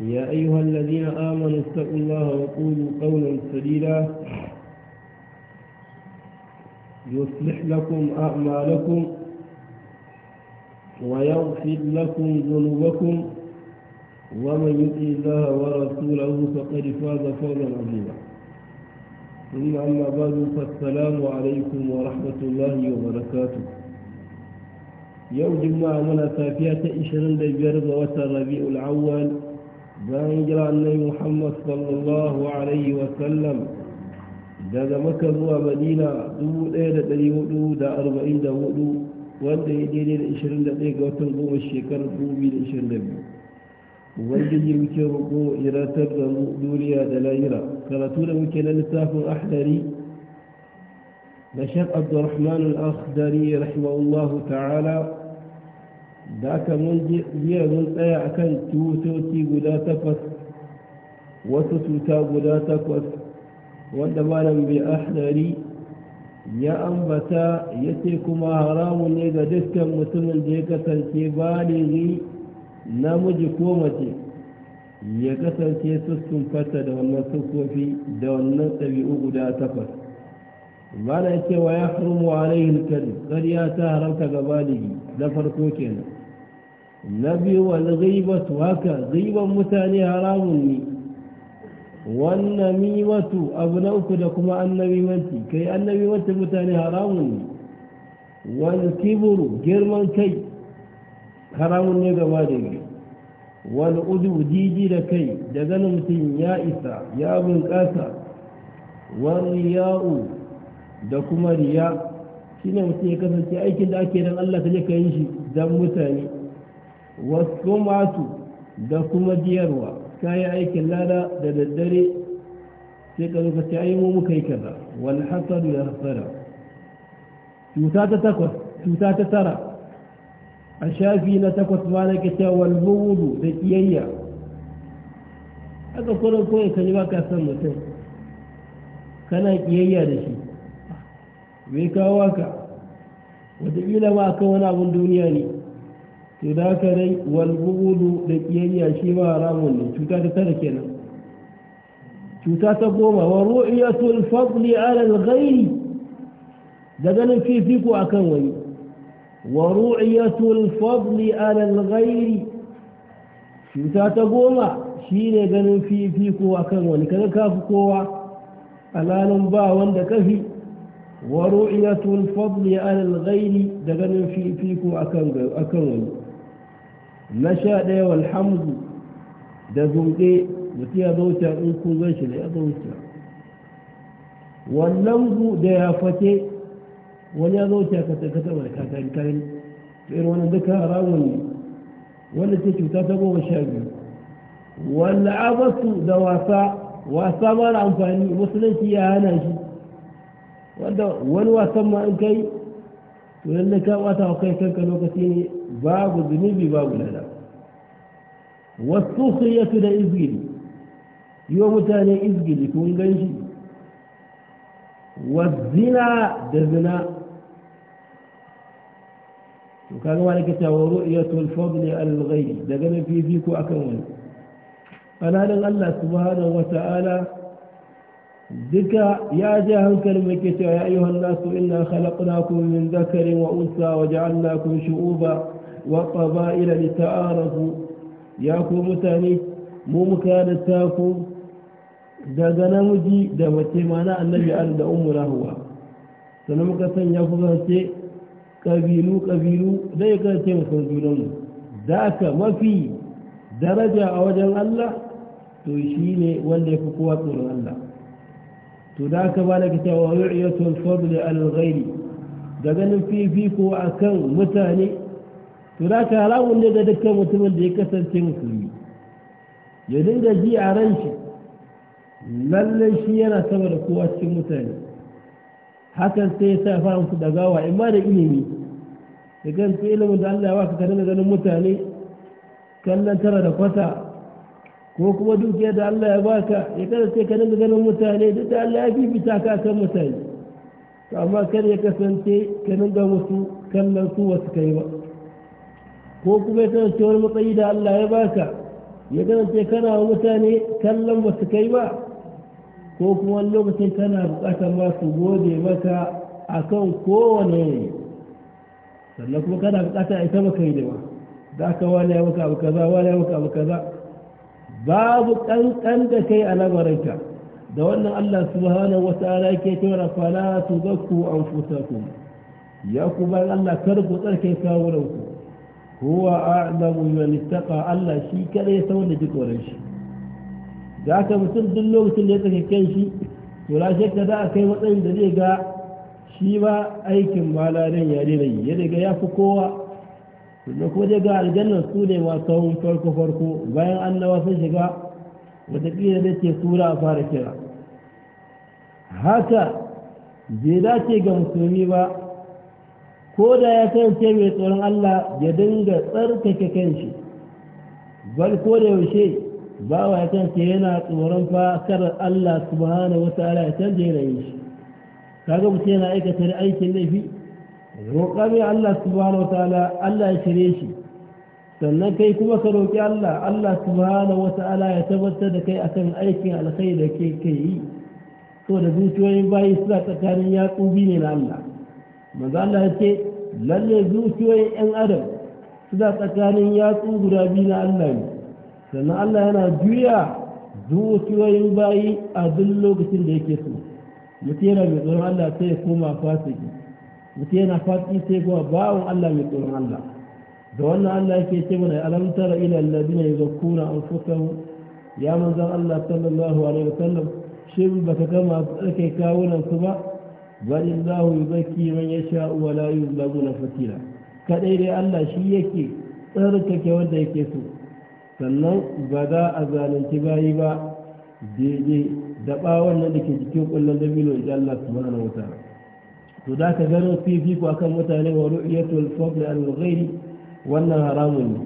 يا أيها الذين آمنوا اتقوا الله وقولوا قولا سديدا يصلح لكم أعمالكم ويغفر لكم ذنوبكم ومن يطع الله ورسوله فقد فاز فوزا عظيما ثم أما بعد فالسلام عليكم ورحمة الله وبركاته يوم جمعة منا سافية إشرين ga watan Rabiul دانجر أني محمد صلى الله عليه وسلم دانا مكة هو مدينة دو ليلة دي ودو دا أربعين دا ودو وانت يديني الإشرين دا ديك وطن بو الشكر بو بيل إشرين دي وانجي يمكي ربو إرا تبدا مؤدوليا دلائرا كراتونا مكي ننساف أحلري نشاط عبد الرحمن الأخ داري رحمه الله تعالى da aka mun jiya mun tsaya akan tutoci guda takwas wasu cuta guda takwas wanda malam bai ahdari ya ambata ya ce kuma haramun ne ga dukkan mutumin da ya kasance baligi namiji ko mace ya kasance sussun fata da wannan sukofi da wannan ɗabi'u guda takwas ba na cewa ya haramu rai kari ƙarya ta haramta ga baligi na farko kenan na biyu wani zaibatu haka zaiban mutane haramun ne wannan mimatu abu na uku da kuma annabi manti kai annabi mutane haramun ne wani kiburu girman kai haramun ne gaba da biyu wani udu didi da kai da ganin mutum ya isa ya bunƙasa wani ya'u da kuma riya shi ne mutum ya kasance aikin da ake don allah ka ka yi shi don mutane wasu masu da kuma diyarwa yi aikin lada da daddare sai ka zuka ta yi mu kai yi kaza wani hasadu ya hasara cuta ta takwas cuta ta tara a shafi na takwas ma na kita wal bugudu da kiyayya aka kuma koyi kan yi ba ka san mutum kana kiyayya da shi mai kawo ka wataƙila ma akan wani abun duniya ne to da ka dai walbugudu da kiyayya shi ba haramun ne cuta ta tare kenan cuta ta goma wa ru'yatul fadli ala al ghayr da ganin fifiko akan wani wa ru'yatul fadli ala al ghayr cuta ta goma shine ganin fifiko akan wani kaga fi kowa alalan ba wanda kafi wa ru'yatul fadli ala al ghayr da ganin fifiko akan akan wani na sha ɗaya walhamdu da zunɗe mutum ya zauta in kun zai shi da ya Wannan zu da ya fate wani ya zauta ka ta kasa mai kakari kayan irin wani duka ramun ne wanda ce cuta ta goma sha biyu wanda abasu da wasa wasa mara amfani musulunci ya hana shi wanda wani wasan ma in kai to lalle ka bata wa kai kanka lokaci ne babu zunubi babu lada wasu yafi da izgili yi wa mutane izgili kun ganshi wazina da zina to kaga wani kita wa ru'yatul fadli al ghayb daga mafi fiko akan wani alalin Allah subhanahu wa ta'ala duka ya je hankali mai ke cewa ya ayyuhan nasu inna khalaqnakum min dhakarin wa unsa wa ja'alnakum shu'uba wa da lita'arafu ya ku mutane mu muka da taku daga namiji da mace mana annabi an da ummu rahuwa sannan muka sanya ku ce ƙabilu ƙabilu zai ya kasance mu san mu. da aka mafi daraja a wajen Allah to ne wanda ya fi kowa tsoron Allah to da aka ba ka cewa ru'iyatul fadli al ghayr da ganin fifiko akan mutane to da ka haramun ne ga dukkan mutumin da ya kasance musulmi ya dinga ji a ran shi lallai shi yana sama da kowa cikin mutane hakan sai ya sa fara musu da in ma da ilimi da ganta ilimin da Allah ya waka ka ganin mutane kallon tara da kwata ko kuma dukiya da Allah ya baka ya kada sai ka dinga ganin mutane duk da Allah ya ta ka kan mutane to amma kar ya kasance ka dinga musu kallon su wasu kai ba ko kuma ya kasance wani matsayi da Allah ya baka ya sai kana wa mutane kallon wasu kai ba ko kuma wani lokacin kana bukatar masu gode maka akan kowane sannan kuma kana bukata ita maka yi da ba za ka wani ya maka abu kaza wani ya maka abu kaza babu kankan da kai a labarinka da wannan Allah subhanahu wata'ala yake cewa fala tuzakku anfusakum ya ku bayan Allah kar ku tsarkake kawunan ku huwa a'lamu man ittaqa Allah shi kare sai wanda ji tsoron shi da aka mutum duk lokacin da ya kan shi to la shakka za kai matsayin da zai ga shi ba aikin malarin yare ne yi ya daga ya fi kowa sannan kuma daga aljanna su ne masu farko farko bayan annawa sun shiga watakila da ce sura a fara kira haka bai dace ga musulmi ba ko da ya kance mai tsoron Allah ya dinga tsarkake kanshi bal ko da yaushe ba wa ya kance yana tsoron fa karar Allah subhanahu ta'ala ya canje yanayin shi kaga mutum yana aikata aikin laifi roƙa Allah subhanahu wa ta'ala Allah ya shirye shi sannan kai kuma ka roƙi Allah Allah subhanahu wa ta'ala ya tabbatar da kai akan aikin alkhairi da ke kai yi to da zuciyoyin bayi suna tsakanin yatsu biyu ne na Allah manzo Allah ya ce lalle zuciyoyin ƴan adam suna tsakanin yatsu guda biyu na Allah ne sannan Allah yana juya zuciyoyin bayi a duk lokacin da yake so mutum yana mai tsoron Allah sai ya koma fasiki mutum yana fati? sai kuma bawon Allah mai tsoron Allah da wannan Allah yake ce mana alam tara ila alladina yuzakkuna anfusahum ya manzon Allah sallallahu alaihi wasallam shin baka ga masu tsarkai kawunan su ba bal Allah yuzakki man yasha wa la yuzlamuna fatila kadai dai Allah shi yake tsarkake wanda yake so sannan ba za a zalunci bayi ba daidai da ɓawon nan da ke jikin ƙullon dabino da Allah subhanahu na wuta. to da ka ganin fifiko akan mutane wa ru'iyatul fadl al ghayri wannan haramun ne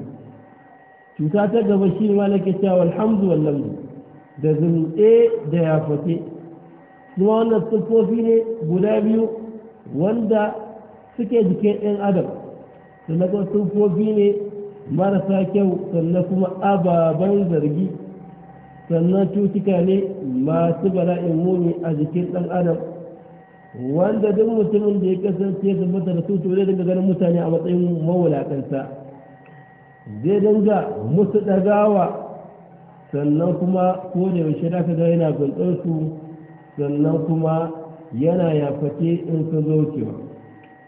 cuta ta gaba shi ma nake cewa alhamdu wallahu da zunɗe da yafate kuma wannan siffofi ne guda biyu wanda suke jikin ɗan adam sannan kuma siffofi ne marasa kyau sannan kuma ababen zargi sannan cutuka ne masu bala'in muni a jikin ɗan adam wanda duk mutumin da ya kasance da mata da tutu zai dinga ganin mutane a matsayin mawulakansa, zai dinga musu dagawa sannan kuma ko da yaushe da ka ga yana guntsar su sannan kuma yana yafake in ka zo kewa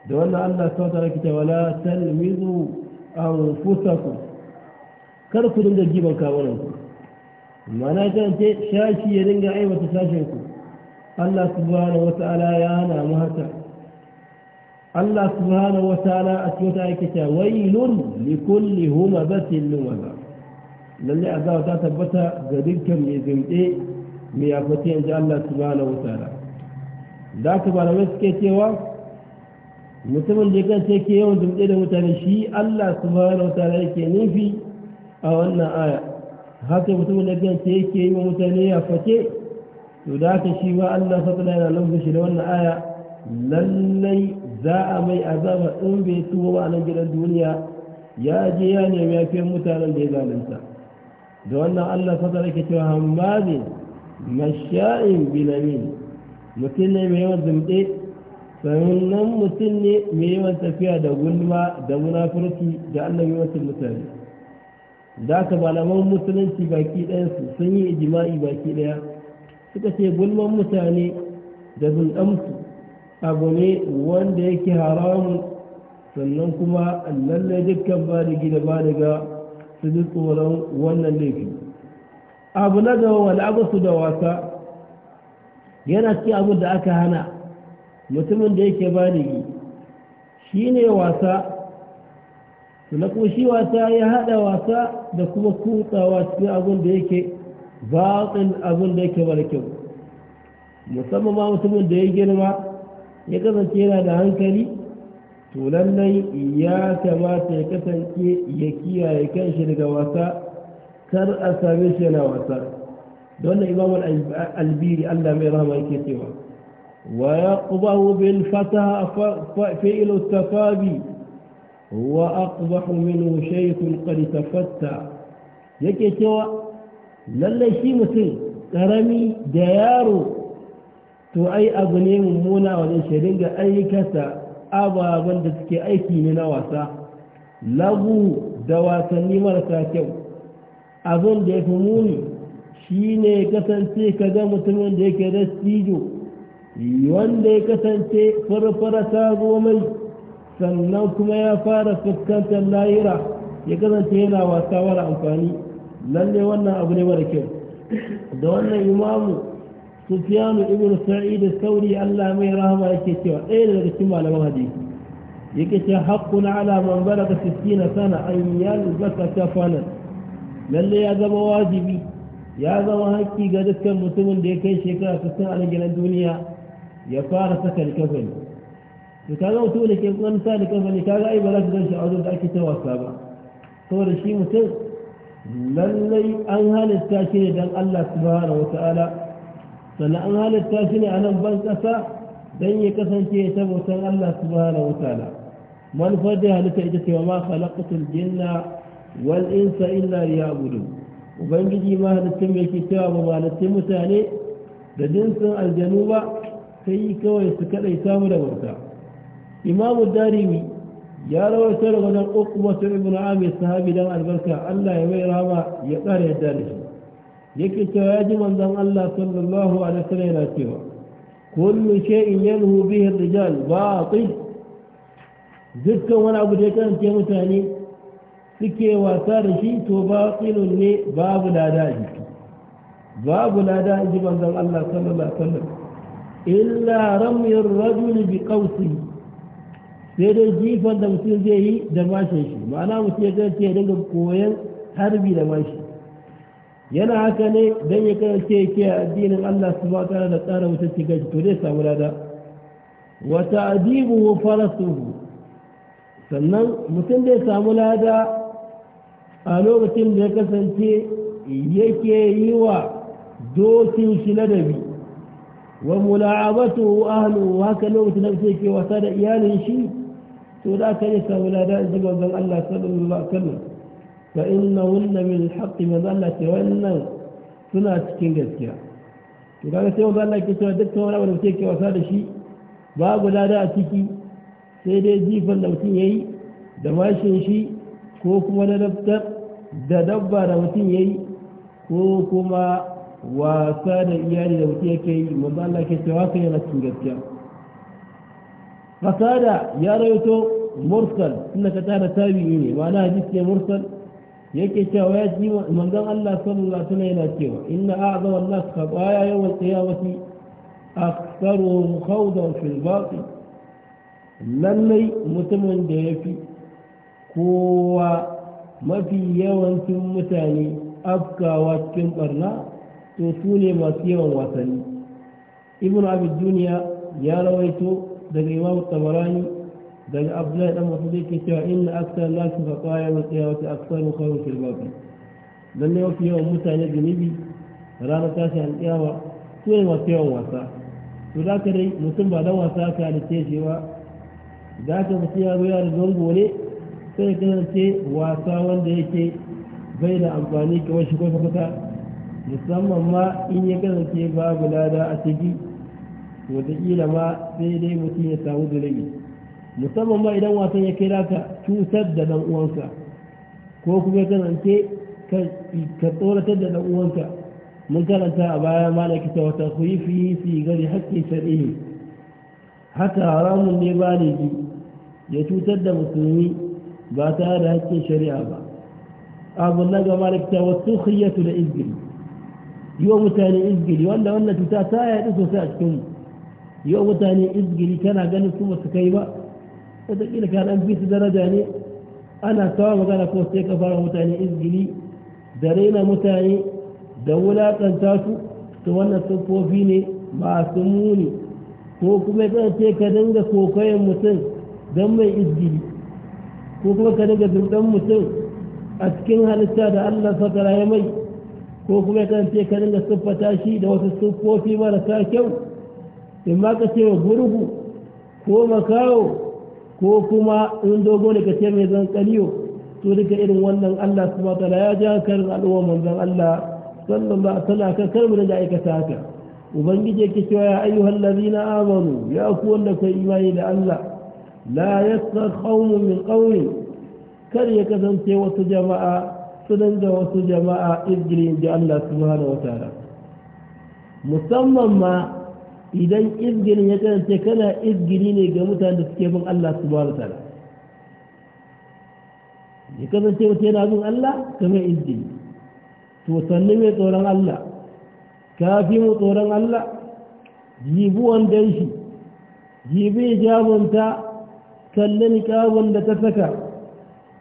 da wannan allah sau ta ki ta wala talmizu an fusa ku kar ku dinga giban kawunan ku mana kan ce shashi ya dinga aiwata sashen ku Allah subhanahu wa ta'ala ya namu haka Allah subhanahu wa ta'ala a cikin ta yake cewa wailun li kulli humazatin lumaza lalle azaba ta tabbata ga dukkan mai zinde mai yafati in ji Allah subhanahu wa ta'ala da ka ba da suke cewa mutumin da kan ce ke yawan zinde da mutane shi Allah subhanahu wa ta'ala yake nufi a wannan aya haka mutumin da kan ce yake yi wa mutane yafate to da haka shi ba Allah fatala yana lamba shi da wannan aya lallai za a mai azaba in bai tuba ba a nan gidan duniya ya je ya nemi yafiyar mutanen da ya zalunta da wannan Allah fatala ke cewa hammazin masha'in bilamin mutum ne mai yawan zumɗe sannan mutum ne mai yawan tafiya da gulma da munafurci da Allah ya wasu mutane da aka malaman musulunci baki ɗayansu sun yi ijima'i baki ɗaya suka ce gulman mutane da zulɗansu abu ne wanda yake haramun sannan kuma lalle dukkan ba da gida ba daga su ji tsoron wannan laifi abu na gaba wal'abasu da wasa yana ci abin da aka hana mutumin da yake da shi ne wasa na kuma shi wasa ya haɗa wasa da kuma kutsawa cikin abin da yake باطل أبن ديك ولكو مصمم ما مصمم ديك ما يقضى تيرا دانك لي تولني إياك ما تيكتن كي يكيا يكيش لك وطا كر أسابيش لك دون إمام البيري ألا من رحمه يكتوا ويقضه بالفتى فعل التفابي هو أقبح منه شيخ قد تفتى يكتوا lallai shi mutum karami da yaro to ai abu ne mummuna wajen shirin ga aikata ababen da suke aiki ne na wasa lagu da wasanni marasa kyau abin da ya fi muni shi ne kasance ka ga mutumin da yake da stijo wanda ya kasance farfara ta mai sannan kuma ya fara fuskantar layira ya kasance yana wasa wani amfani lalle wannan abu ne mara kyau da wannan imamu sufiyanu ibn sa'id sauri Allah mai rahama yake cewa ɗaya daga cikin malaman hadisi yake ce haqqun ala man balaga 60 sana an yalbasa kafanan lalle ya zama wajibi ya zama haƙƙi ga dukkan mutumin da ya kai shekara 60 a gidan duniya ya fara saka likafani to kaga mutum da ke tsananta likafani kaga ai ba za su gan shi a wajen da ake ta wasa ba saboda shi mutum lallai an halitta shi ne don Allah subhanahu wa ta'ala sannan an halitta shi ne a nan ban ƙasa don ya kasance ya tabbatar Allah subhanahu wa ta'ala manufar da halitta ita ce wa ma khalaqatul jinna wal insa illa liya'budun ubangiji ma halittun mai ke cewa ba halittun mutane da jinsin aljanu ba sai kawai su kaɗai samu da bauta imamu darimi ya rawaita daga nan uqbatu ibn amir sahabi dan albarka Allah ya mai rama ya tsara yadda da shi yake cewa ya ji manzon Allah sallallahu alaihi wasallam yana cewa kullu shay'in yanhu bihi ar-rijal batil dukkan wani abu da ya kasance mutane suke wasa da shi to batilun ne babu lada a jiki babu lada a ji manzon Allah sallallahu alaihi wasallam illa ramyar rajuli bi qawsihi sai dai jifan da mutum zai yi da mashin shi ma'ana mutum ya kasance ya dinga koyon harbi da mashi yana haka ne don ya kasance ke addinin Allah su ba da tsara wuta shiga shi to zai samu lada wata adibu farasuhu sannan mutum zai samu lada a lokacin da ya kasance yake yi wa dokin shi ladabi wa mula'abatu ahlu haka lokacin da yake wasa da iyalin shi to da aka yi samu lada a jiga Allah sallallahu alaihi wasallam fa inna wunna min haqqi manzo Allah wannan suna cikin gaskiya to kaga sai manzo Allah ke cewa dukkan wani abu da ke wasa da shi babu lada a ciki sai dai jifan da mutum yayi da mashin shi ko kuma na daftar da dabba da mutum yayi ko kuma wasa da iyali da mutum yake yi manzo Allah ke cewa haka yana cikin gaskiya Fasada ya rawaito mursal inda ka tara tabi'i ne ma'ana hadisi ne mursal yake cewa ya ji manzon Allah sallallahu alaihi wasallam yana cewa inna a'zama an-nas khataya yawm al-qiyamati aktharuhum khawdan fil batil lallai mutumin da ya fi kowa mafi yawancin mutane afkawa cikin barna to su ne masu yawan wasanni ibn abid duniya ya rawaito daga imam tabarani daga abdullahi dan masu zai ke cewa inna aksar lafi fa kaya wa wata aksar mu kawo don ne mafi yawan mutane zunubi ranar tashi an tsayawa su ne masu yawan wasa to za ka dai mutum ba dan wasa ka halitta shi ba za ka fi ya zoya da zango gole sai ka zance wasa wanda yake bai da amfani kamar shi kwata musamman ma in ya kasance babu lada a ciki wataƙila ma sai dai mutum ya samu zunubi musamman ma idan wasan ya kai laka cutar da ɗan uwanka ko kuma kasance ka tsoratar da ɗan uwanka mun karanta a baya malaki ta wata kuyi fi fi gari hakki shari'i haka haramun ne ba ne ji ya cutar da musulmi ba tare da hakkin shari'a ba abu na ga malaki ta wata khiyatu da izgiri yi wa mutane izgiri wanda wannan cuta ta yaɗu sosai a cikinmu yau mutane izgiri tana ganin su masu kai ba wataƙila ka ɗan fi su daraja ne ana sawa magana ko sai ka fara mutane izgiri da raina mutane da wulaƙanta su to wannan siffofi ne masu muni ko kuma ya ce ka dinga kokayen mutum don mai izgiri ko kuma ka dinga zurɗan mutum a cikin halitta da allah saka ya mai ko kuma ya ce ka dinga siffata shi da wasu siffofi marasa kyau in ma ka ce wa gurgu ko makawo ko kuma in dogo da ka ce mai zan kaliyo to duka irin wannan Allah su ba tala ya ja karin al'ummar manzan Allah sallallahu ba wasallam kan karbu da aikata haka ubangiji yake cewa ya hallazi na amanu ya ku wanda kai imani da Allah la yaskhar qaumun min kawai kar ya kasance wasu jama'a su dinga wasu jama'a izgirin da Allah subhanahu wataala musamman ma idan izginin ya kasance kana izgini ne ga mutane da suke bin Allah ba ta'ala ya kasance wata yana bin Allah mai izgini to sannu mai tsoron Allah kafi mu tsoron Allah jibi wandon shi jibi jabonta kalli niƙabon da ta saka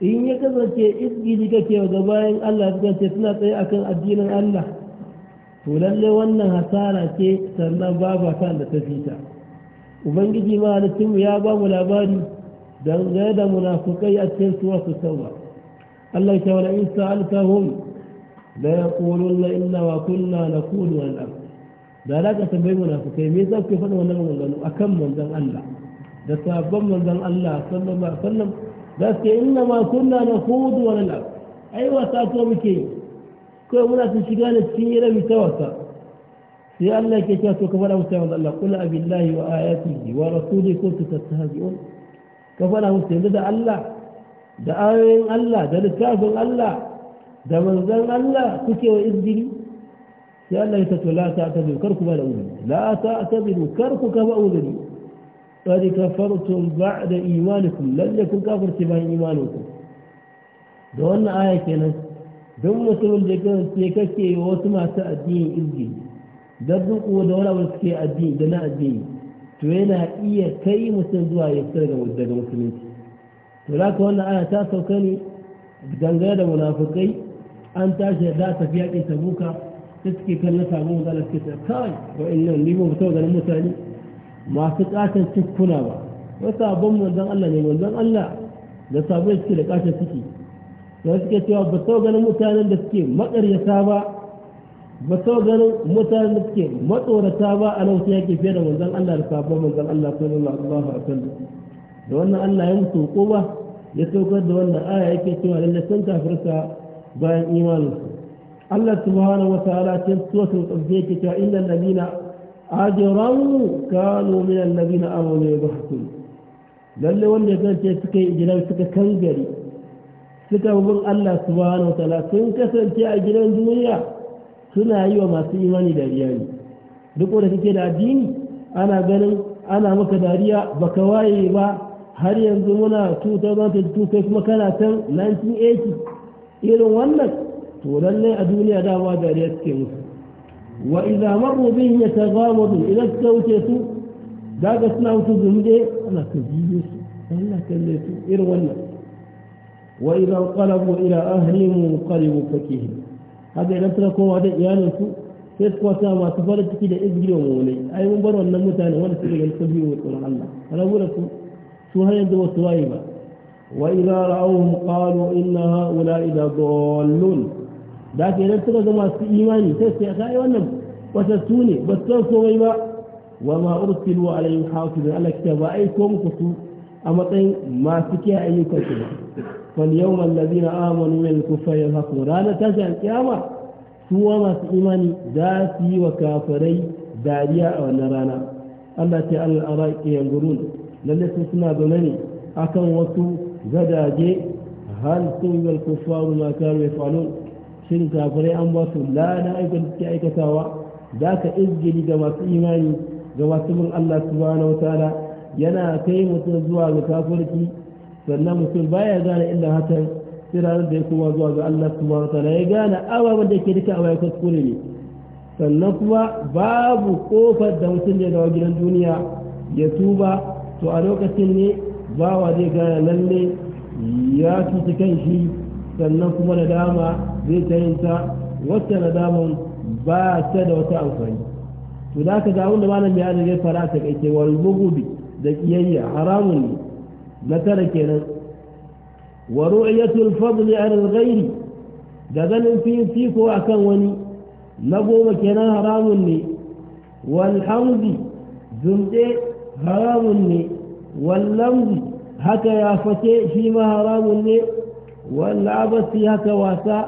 in ya kasance izgini kake ga bayan Allah ya ce suna tsaye akan addinin Allah to lalle wannan hasara ce sannan babu hasara da ta fita ubangiji ma ya ba mu labari dangane da munafukai a cikin suwa su tauba Allah ya tawala in sa'altahum la yaquluna inna wa kunna naqulu wal am da za tambayi munafukai me za ku faɗa wannan maganganu akan manzon Allah da sabon manzon Allah sallallahu alaihi wasallam da su inna ma kunna naqulu wal am ai wasa to muke yi kawai muna sun shiga da cikin yi rabi ta sai Allah ke cewa to ka faɗa musu yawan Allah kula abillahi wa ayatihi wa rasuli ko su tattahazi'un ka faɗa musu yanzu da Allah da ayoyin Allah da littafin Allah da manzon Allah kuke wa izgiri sai Allah ya ta to la ta ta kar ku ba da uzuri la ta ta kar ku ka ba uzuri قد كفرتم بعد إيمانكم لن يكن كافر تبعي إيمانكم دون آية كنس don mutumin da kasance kake wasu masu addinin izgi don riko da wani abu suke addini da na addini to yana iya kai mutum zuwa ya fitar daga musulunci to za ka wannan ana ta sauka ne dangane da munafukai an tashi da tafiya ke tabuka ta suke kallon samun galar suke ta kawai in nan ni ba fito ganin mutane masu katon cikuna ba wasu abin manzon Allah ne manzon Allah da sabon suke da katon ciki da suke cewa ba sau ganin mutanen da suke maƙaryata ba ba sau ganin mutanen da suke matsorata ba a nan su yake fiye da manzan Allah da sabon manzan Allah sallallahu alaihi wasallam da wannan Allah ya musu hukuma ya saukar da wannan aya yake cewa lalle sun kafirta bayan imanin Allah subhanahu wataala cikin suratul qaf yake cewa innal ladina ajramu kanu min alladina amanu su. lalle wanda ya kance suka yi ijlal suka kangare suka bin Allah subhanahu wataala sun kasance a gidan duniya suna yi wa masu imani dariya ne duk wanda kake da addini ana ganin ana maka dariya baka waye ba har yanzu muna 2022 kai kuma kana can 1980 irin wannan to lallai a duniya da dama dariya suke musu wa idza marru bihi yataghawadu idan suka wuce su daga suna wuce zunde ana ka jiye su Allah kalle su irin wannan وإذا انقلبوا إلى أهلهم انقلبوا فكههم هذا إذا تركوا هذا إيانسو sai kuwa sa masu farin ciki da izgirin wani ai mun bar wannan mutane wanda suke ganin sun biyu tsoron Allah rabu da su su har yanzu wasu waye ba wa idza ra'awhum qalu inna ha'ula'i dallun da ke nan suka zama su imani sai sai kai wannan wata su ne ba su san komai ba wa ma ursilu alaihim hafizun Allah ba su a matsayin masu ba فاليوم الذين آمنوا من الكفار يضحكون هذا تاسع القيامة سوى ما سئمني ذاتي وكافري داريا ونرانا التي على الأرائك ينظرون لن سنا بمني أكم وسو زداجي هل سوى الكفار ما كانوا يفعلون شن كافري أم وسو لا نائك التعيك سوا ذاك إذن لما سئمني جواسم الله سبحانه وتعالى ينا كيمة الزواج كافرتي sannan mutum baya gane illa hatan sai ranar da ya kuma zuwa ga Allah wata. na ya gane ababen da ke duka a bayan kuskure ne sannan kuma babu kofar da mutum ya dawo gidan duniya ya tuba to a lokacin ne bawa zai gane lalle ya tuta kan shi sannan kuma na dama zai ta yin na wacce ba ta da wata amfani to da ka ga abin da malam ya zai fara ta kai wal bugubi da kiyayya haramun ne na tara kenan wa ru'yatul fadli 'ala al da ganin fifi ko akan wani na goma kenan haramun ne wal hamdi zumde haramun ne wal lamdi haka ya fate shi ma haramun ne wal abasi haka wasa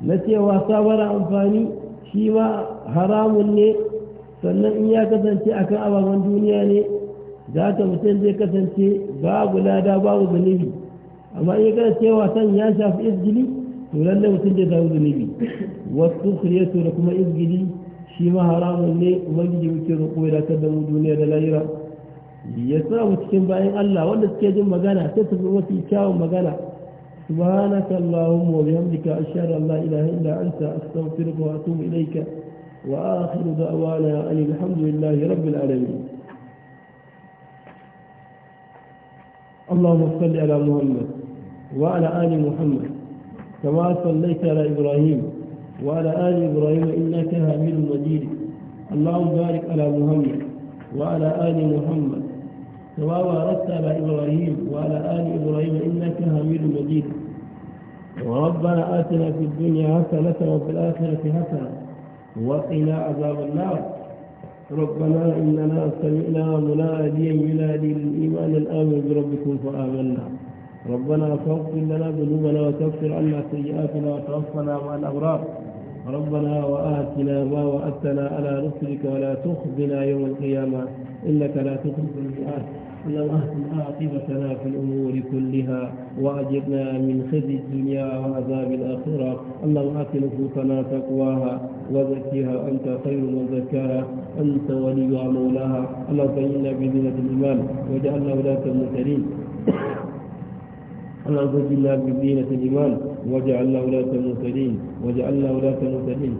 na ce wasa mara amfani shi ma haramun ne sannan in ya kasance akan ababen duniya ne da haka mutum zai kasance babu lada babu zunubi amma in kada cewa san ya shafi izgili to lallai mutum zai samu zunubi wasu kuriyatu da kuma izgili shi ma haramun ne ubangiji muke roƙo ya dakar da mu duniya da lahira ya sa mu cikin bayan Allah wanda suke jin magana sai su fi mafi kyawun magana سبحانك اللهم وبحمدك أشهد أن لا إله إلا أنت أستغفرك وأتوب إليك وآخر دعوانا أن الحمد لله رب العالمين اللهم صل على محمد وعلى آل محمد كما صليت على إبراهيم وعلى آل إبراهيم إنك حميد مجيد اللهم بارك على محمد وعلى آل محمد كما باركت على إبراهيم وعلى آل إبراهيم إنك حميد مجيد وربنا آتنا في الدنيا حسنة وفي الآخرة حسنة وقنا عذاب النار ربنا إننا سمعنا مناديا ينادي للإيمان الآمن بربكم فآمنا ربنا فاغفر لنا ذنوبنا وتغفر عنا سيئاتنا وتوفنا مع الأبرار ربنا وآتنا ما وأتنا على رسلك ولا تخزنا يوم القيامة إنك لا تخلف الميعاد اللهم الله عاقبتنا في الأمور كلها وأجرنا من خزي الدنيا وعذاب الآخرة اللهم آت نفوسنا تقواها وزكها أنت خير من زكاها أنت وليها مولاها اللهم زينا بزينة الإيمان وجعلنا ولاة المرسلين اللهم زينا بزينة الإيمان وجعلنا ولاة المرسلين وجعلنا ولاة المرسلين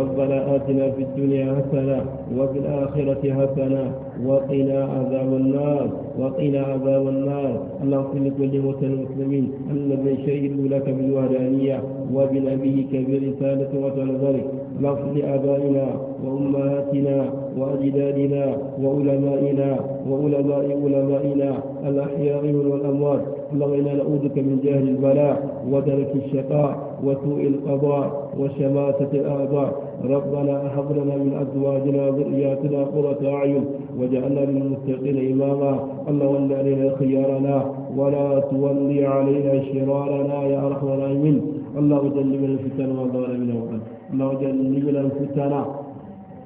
ربنا آتنا في الدنيا حسنة وفي الآخرة حسنة وقنا عذاب النار وقنا عذاب النار اللهم صل لكل موتى المسلمين الذين شهدوا لك بالوهدانيه وبنبيك برسالة ذلك اللهم لآبائنا وأمهاتنا وأجدادنا وعلمائنا وعلماء علمائنا الأحياء والأموات اللهم إنا نعوذك من جهل البلاء ودرك الشقاء وسوء القضاء وشماتة الأعضاء ربنا هب لنا من ازواجنا وذرياتنا قرة اعين واجعلنا للمتقين اماما اللهم علينا خيارنا ولا تولي علينا شرارنا يا ارحم الراحمين اللهم جنبنا الفتن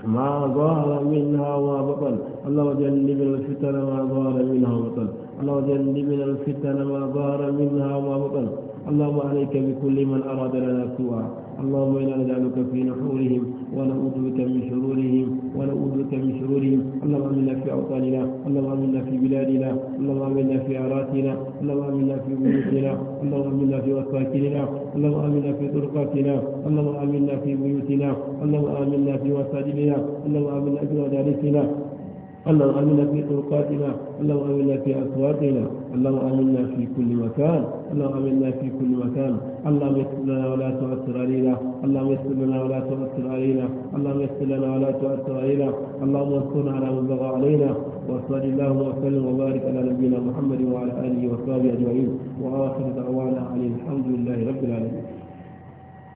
وما ظهر منها وبطن اللهم جنبنا الفتن ما ظهر منها وبطن الله اللهم جنبنا الفتن ما ظهر منها وبطن اللهم جنبنا الفتن ما ظهر منها وبطن اللهم عليك بكل من أراد لنا سوءا اللهم إنا نجعلك في نحورهم ونعوذ بك من شرورهم ونعوذ بك من شرورهم اللهم آمنا في أوطاننا اللهم آمنا في بلادنا اللهم آمنا في عراتنا اللهم آمنا في بيوتنا اللهم آمنا في مساكننا اللهم آمنا في طرقاتنا اللهم آمنا في بيوتنا اللهم آمنا في مساجدنا اللهم آمنا في مدارسنا اللهم آمنا في طرقاتنا اللهم آمنا في أسواقنا اللهم آمنا في كل مكان اللهم آمنا في كل مكان اللهم يسر لنا ولا تؤثر علينا اللهم يسر لنا ولا تؤثر علينا اللهم يسر لنا ولا تؤثر علينا اللهم انصرنا على من بغى علينا وصلى اللهم وسلم وبارك على نبينا محمد وعلى آله وصحبه أجمعين وآخر دعوانا عن الحمد لله رب العالمين